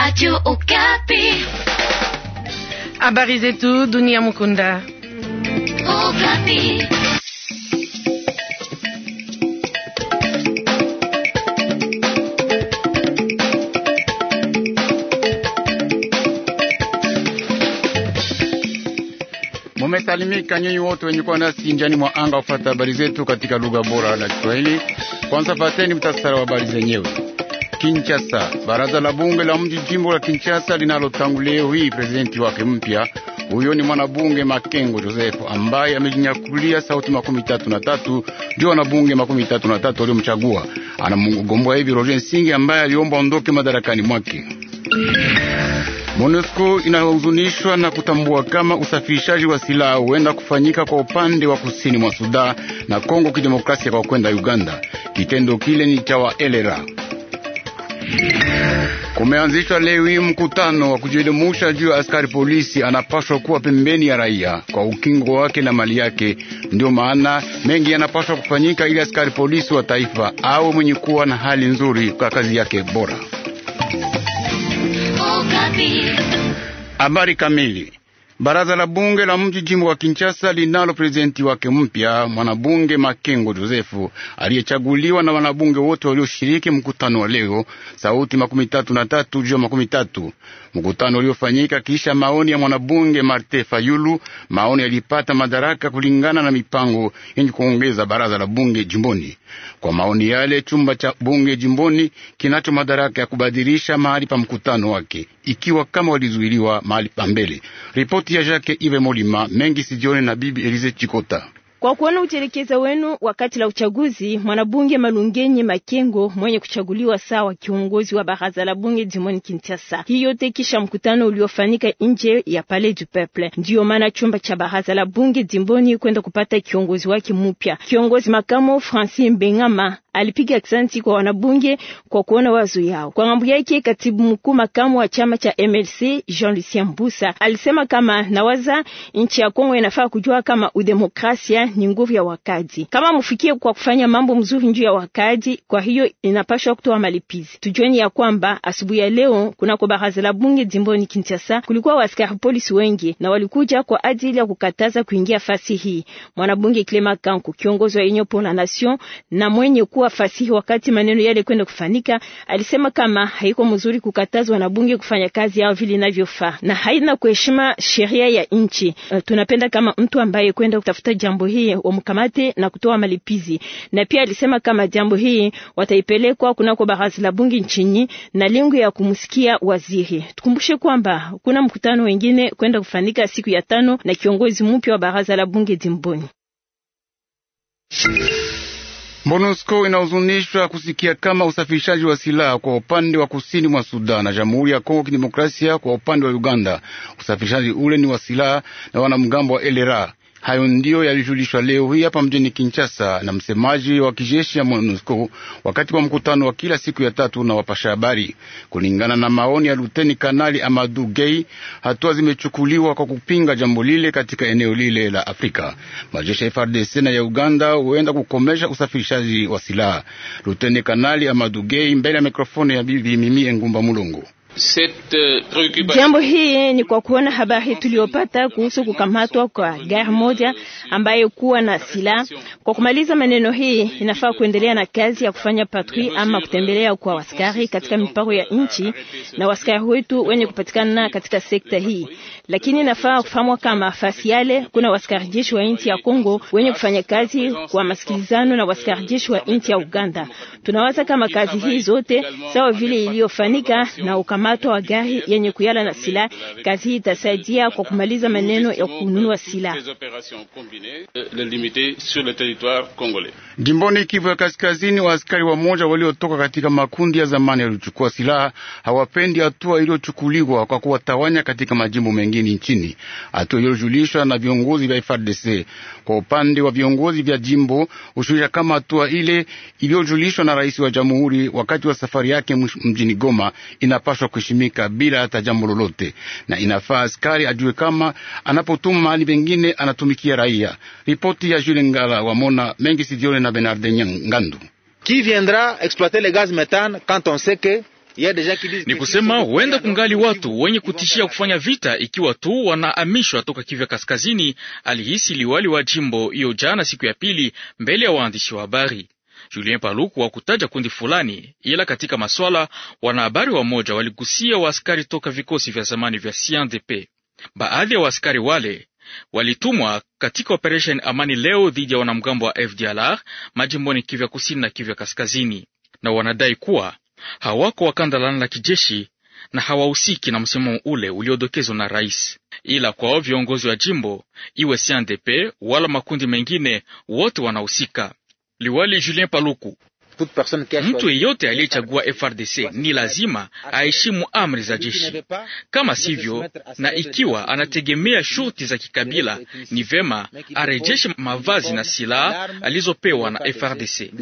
Radio Okapi. Habari zetu dunia mukunda. Okapi. Mumesalimika nyinyi wote wenye kuwa nasi njani mwa anga ufata habari zetu katika lugha bora la Kiswahili. Kwanza fateni mtasara wa habari zenyewe. Kinshasa. Baraza la bunge la mji jimbo la Kinshasa linalotangulio hii prezidenti wake mpya huyo ni mwanabunge Makengo Josefu ambaye amejinyakulia sauti makumi tatu na tatu ndio wanabunge makumi tatu na tatu waliomchagua. Anamgomboa hivi Roger Nsingi ambaye aliomba ondoke madarakani mwake. MONUSCO inahuzunishwa na kutambua kama usafirishaji wa silaha huenda kufanyika kwa upande wa kusini mwa Sudan na Kongo Kidemokrasia kwa kwenda Uganda. Kitendo kile ni cha waelera Kumeanzishwa leo hii mkutano wa kujielimusha juu ya askari polisi anapaswa kuwa pembeni ya raia kwa ukingo wake na mali yake. Ndio maana mengi yanapaswa kufanyika ili askari polisi wa taifa awe mwenye kuwa na hali nzuri kwa kazi yake bora. Oh, Habari kamili Baraza la bunge la mji jimbo wa Kinshasa linalo prezidenti wake mpya, mwanabunge Makengo Josefu aliyechaguliwa na wanabunge wote walioshiriki mkutano wa leo, sauti makumi tatu na tatu juu ya makumi tatu mkutano uliofanyika kisha maoni ya mwanabunge Marte Fayulu. Maoni yalipata madaraka kulingana na mipango yenye kuongeza baraza la bunge jimboni. Kwa maoni yale, chumba cha bunge jimboni kinacho madaraka ya kubadilisha mahali pa mkutano wake, ikiwa kama walizuiliwa mahali pa mbele. Ripoti ya Jacques Ive Molima mengi sijione na bibi Elize Chikota. Kwa kuona utelekeza wenu wakati la uchaguzi, mwanabunge Malungenye Makengo mwenye kuchaguliwa sawa kiongozi wa baraza la bunge Dimon Kintasa, Hiyo yote kisha mkutano uliofanyika nje ya Palais du Peuple. Ndiyo maana chumba cha baraza la bunge Dimboni kwenda kupata kiongozi wake mpya. Kiongozi makamo Francis Bengama alipiga aksanti kwa wanabunge kwa kuona wazo yao. Kwa ngambo yake, katibu mkuu makamu wa chama cha MLC Jean Lucien Mbusa alisema kama nawaza nchi ya Kongo inafaa kujua kama udemokrasia ni nguvu ya wakaji. kama mfikie kwa kufanya mambo mzuri njuu ya wakaji, kwa hiyo inapashwa kutoa malipizi. Tujueni ya kwamba asubuhi ya leo kuna kwa baraza la bunge jimboni Kinshasa kulikuwa waskari polisi wengi na walikuja kwa ajili ya kukataza kuingia fasi hii. Mwanabunge Clement Kanku, kiongozi wa Union pour la Nation na mwenye kuwa fasi hii wakati maneno yale kwenda kufanyika, alisema kama haiko mzuri kukatazwa na bunge kufanya kazi yao vile inavyofaa na haina kuheshima sheria ya nchi. Uh, tunapenda kama mtu ambaye kwenda kutafuta jambo hili hii wamkamate na kutoa malipizi. Na pia alisema kama jambo hii wataipelekwa kunako baraza la bunge nchini na lengo ya kumsikia waziri. Tukumbushe kwamba kuna mkutano wengine kwenda kufanyika siku ya tano na kiongozi mpya wa baraza la bunge jimboni. MONUSCO inahuzunishwa kusikia kama usafirishaji wa silaha kwa upande wa kusini mwa Sudan na Jamhuri ya Kongo Kidemokrasia kwa upande wa Uganda, usafirishaji ule ni wa silaha na wanamgambo wa LRA Hayo ndiyo yalijulishwa leo hii hapa mjini Kinshasa na msemaji wa kijeshi ya MONUSCO wakati wa mkutano wa kila siku ya tatu na wapasha habari. Kulingana na maoni ya luteni kanali Amadu Gay, hatua zimechukuliwa kwa kupinga jambo lile katika eneo lile la Afrika. Majeshi ya FARDC na ya Uganda huenda kukomesha usafirishaji wa silaha. Luteni kanali Amadu Gay mbele ya mikrofoni ya bibi Mimi Engumba Mulungu. Euh, Jambo hii ni kwa kuona habari tuliyopata kuhusu kukamatwa kwa gari moja ambayo kuwa na silaha. Kwa kumaliza maneno hii, inafaa kuendelea na kazi ya kufanya patrui ama kutembelea kwa waskari katika mipako ya nchi na waskari wetu wenye kupatikana katika sekta hii lakini nafaa kufahamwa kama fasi yale kuna wasikarijeshi wa nchi ya Kongo wenye kufanya kazi kwa masikilizano na wasikarijeshi wa nchi ya Uganda. Tunawaza kama kazi hii zote sawa vile iliyofanika na ukamato wa gari yenye kuyala na silaha, kazi hii itasaidia kwa kumaliza maneno ya kununua silaha. Jimboni Kivu ya Kaskazini, waaskari wa moja waliotoka katika makundi ya zamani yaliyochukua silaha hawapendi hatua iliyochukuliwa kwa kuwatawanya katika majimbo mengine nchini, hatua iliyojulishwa na viongozi vya FARDC. Kwa upande wa viongozi vya jimbo hushuhudia kama hatua ile iliyojulishwa na rais wa jamhuri wakati wa safari yake mjini Goma inapaswa kuheshimika bila hata jambo lolote, na inafaa askari ajue kama anapotuma mahali pengine anatumikia raia. Ripoti ya Jule Ngala Wamona mengi sijione na na Bernard Ngandu. Qui viendra exploiter le gaz methane quand on sait que ni kusema huenda kungali watu wenye kutishia kufanya vita ikiwa tu wanaamishwa toka kivya Kaskazini, alihisi liwali wa jimbo hiyo jana, siku ya pili, mbele ya waandishi wa habari. Julien Paluku kutaja kundi fulani, ila katika maswala wanahabari wamoja waligusia waaskari toka vikosi vya zamani vya CNDP. Baadhi ya waaskari wale walitumwa katika operesheni amani leo dhidi ya wanamgambo wa FDLR majimboni Kivya kusini na Kivya kaskazini, na wanadai kuwa hawako wakanda lana la kijeshi na hawahusiki na msimamo ule uliodokezwa na rais. Ila kwao viongozi wa jimbo iwe CNDP wala makundi mengine, wote wanahusika. Liwali Julien Paluku Mtu yeyote aliyechagua FRDC ni lazima aheshimu amri za jeshi, kama sivyo, na ikiwa anategemea shurti za kikabila, ni vema arejeshe mavazi na silaha alizopewa na FRDC.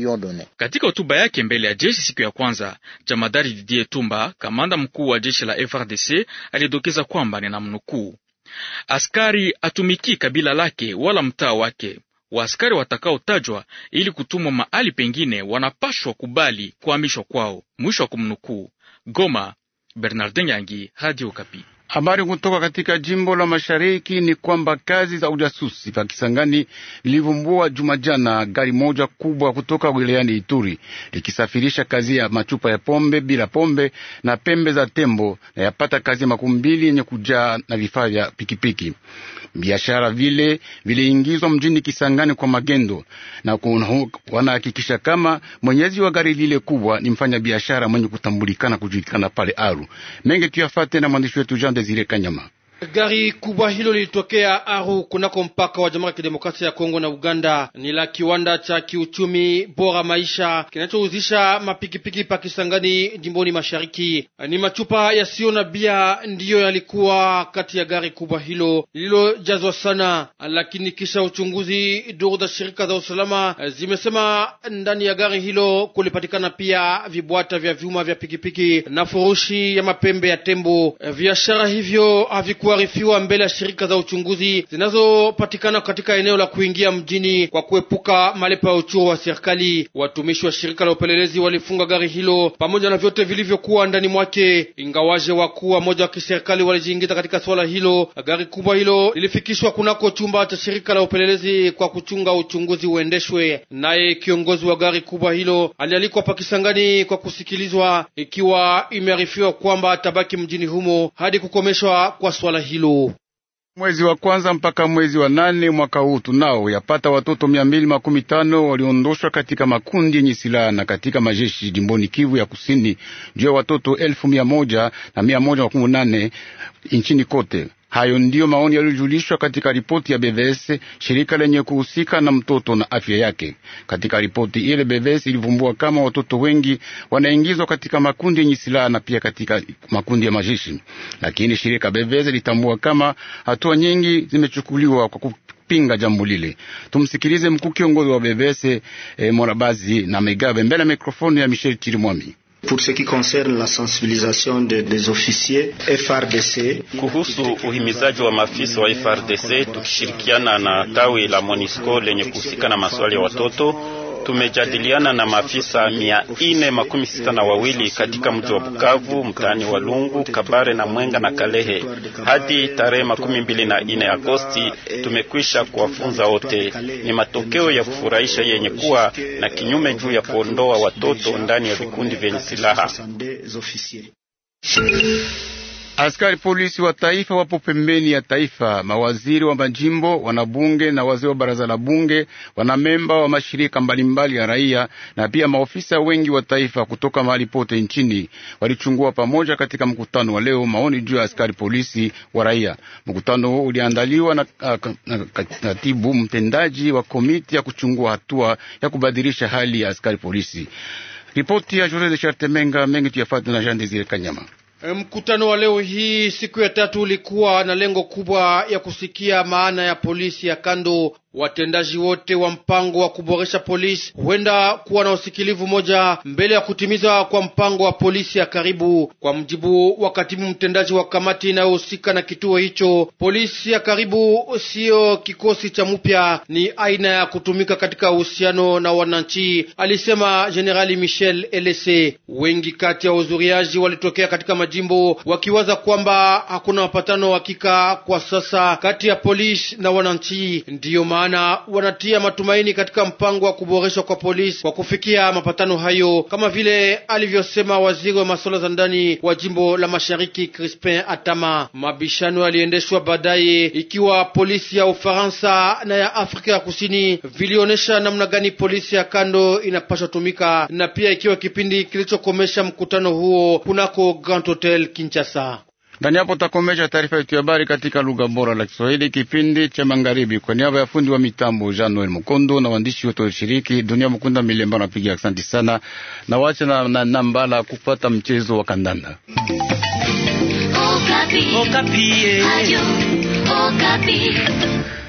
Katika hotuba yake mbele ya jeshi siku ya kwanza, jamadari Didier Tumba, kamanda mkuu wa jeshi la FRDC, alidokeza kwamba namnukuu, askari atumiki kabila lake wala mtaa wake Waaskari watakaotajwa ili kutumwa mahali pengine wanapashwa kubali kuhamishwa kwao. Mwisho wa kumnukuu. Goma, Bernardin Yangi, Radio Okapi. Habari kutoka katika jimbo la mashariki ni kwamba kazi za ujasusi pa Kisangani ilivumbua Jumajana gari moja kubwa kutoka wilayani Ituri likisafirisha kazi ya machupa ya pombe bila pombe na pembe za tembo na yapata kazi makumi mbili yenye kujaa na vifaa vya pikipiki biashara vile viliingizwa mjini Kisangani kwa magendo, na wanahakikisha kama mwenyezi wa gari lile kubwa ni mfanya biashara mwenye kutambulikana kujulikana pale Aru. Mengi tuyafate na mwandishi wetu Jean Desire Kanyama. Gari kubwa hilo lilitokea Aru kunako mpaka wa Jamhuri ya Kidemokrasia ya Kongo na Uganda. Ni la kiwanda cha kiuchumi bora maisha kinachouzisha mapikipiki pa Kisangani, jimboni mashariki. Ni machupa yasiyo na bia ndiyo yalikuwa kati ya gari kubwa hilo lililojazwa sana, lakini kisha uchunguzi, duru za shirika za usalama zimesema ndani ya gari hilo kulipatikana pia vibwata vya vyuma vya pikipiki na furushi ya mapembe ya tembo. Biashara hivyo haviku kuarifiwa mbele ya shirika za uchunguzi zinazopatikana katika eneo la kuingia mjini kwa kuepuka malipo ya uchuru wa serikali. Watumishi wa shirika la upelelezi walifunga gari hilo pamoja na vyote vilivyokuwa ndani mwake, ingawaje wakuu wa moja wa kiserikali walijiingiza katika swala hilo. Gari kubwa hilo lilifikishwa kunako chumba cha shirika la upelelezi kwa kuchunga uchunguzi uendeshwe. Naye kiongozi wa gari kubwa hilo alialikwa Pakisangani kwa kusikilizwa, ikiwa imearifiwa kwamba atabaki mjini humo hadi kukomeshwa kwa swala swala hilo. Mwezi wa kwanza mpaka mwezi wa nane mwaka huu tunao yapata watoto mia mbili makumi tano waliondoshwa katika makundi yenye silaha na katika majeshi jimboni Kivu ya Kusini, juu ya watoto elfu mia moja na mia moja makumi nane nchini kote. Hayo ndiyo maoni yaliyojulishwa katika ripoti ya BVS, shirika lenye kuhusika na mtoto na afya yake. Katika ripoti ile, BVS ilivumbua kama watoto wengi wanaingizwa katika makundi yenye silaha na pia katika makundi ya majeshi, lakini shirika BVS litambua kama hatua nyingi zimechukuliwa kwa kupinga jambo lile. Tumsikilize mkuu kiongozi wa BVS eh, Morabazi na Megabe mbele ya mikrofoni ya Michel Chirimwami. Pour ce qui concerne la sensibilisation de, des officiers FRDC, kuhusu uhimizaji wa maafisa wa FRDC, tukishirikiana na tawi la Monisco lenye kuhusika na masuala ya watoto tumejadiliana na maafisa mia ine makumi sita na wawili katika mji wa Bukavu, mtaani wa Lungu, Kabare na Mwenga na Kalehe. Hadi tarehe makumi mbili na ine Agosti tumekwisha kuwafunza wote. Ni matokeo ya kufurahisha yenye kuwa na kinyume juu ya kuondoa watoto ndani ya vikundi vyenye silaha. Askari polisi wa taifa wapo pembeni ya taifa, mawaziri wa majimbo, wanabunge na wazee wa baraza la bunge, wanamemba wa mashirika mbalimbali ya raia na pia maofisa wengi wa taifa kutoka mahali pote nchini walichungua pamoja katika mkutano wa leo maoni juu ya askari polisi wa raia. Mkutano huu uliandaliwa na katibu mtendaji wa komiti ya kuchungua hatua ya kubadilisha hali ya askari polisi. Ripoti ya Jose de Chartemenga mengi tuyafata na Jean Desire Kanyama. Eh, mkutano wa leo hii siku ya tatu ulikuwa na lengo kubwa ya kusikia maana ya polisi ya kando Watendaji wote wa mpango wa kuboresha polisi huenda kuwa na usikilivu moja mbele ya kutimiza kwa mpango wa polisi ya karibu. Kwa mjibu wa katibu mtendaji wa kamati inayohusika na kituo hicho, polisi ya karibu siyo kikosi cha mupya, ni aina ya kutumika katika uhusiano na wananchi, alisema Jenerali Michel Elese. Wengi kati ya wahudhuriaji walitokea katika majimbo wakiwaza kwamba hakuna mapatano hakika kwa sasa kati ya polisi na wananchi, ndiyo maana wanatia matumaini katika mpango wa kuboreshwa kwa polisi kwa kufikia mapatano hayo, kama vile alivyosema waziri wa masuala za ndani wa jimbo la mashariki Crispin Atama. Mabishano yaliendeshwa baadaye, ikiwa polisi ya Ufaransa na ya Afrika ya Kusini vilionyesha namna gani polisi ya kando inapaswa tumika na pia ikiwa kipindi kilichokomesha mkutano huo kunako Grand Hotel Kinshasa. Ndani hapo takomesha taarifa yetu ya habari katika lugha bora la Kiswahili, kipindi cha magharibi. Kwa niaba ya fundi wa mitambo Jean Noel Mukondo na waandishi wote walishiriki, Dunia Mukunda Milemba napiga asante sana na wacha na, na, na mbala kupata mchezo wa kandanda Okapi. Okapi. Eh. Okapi.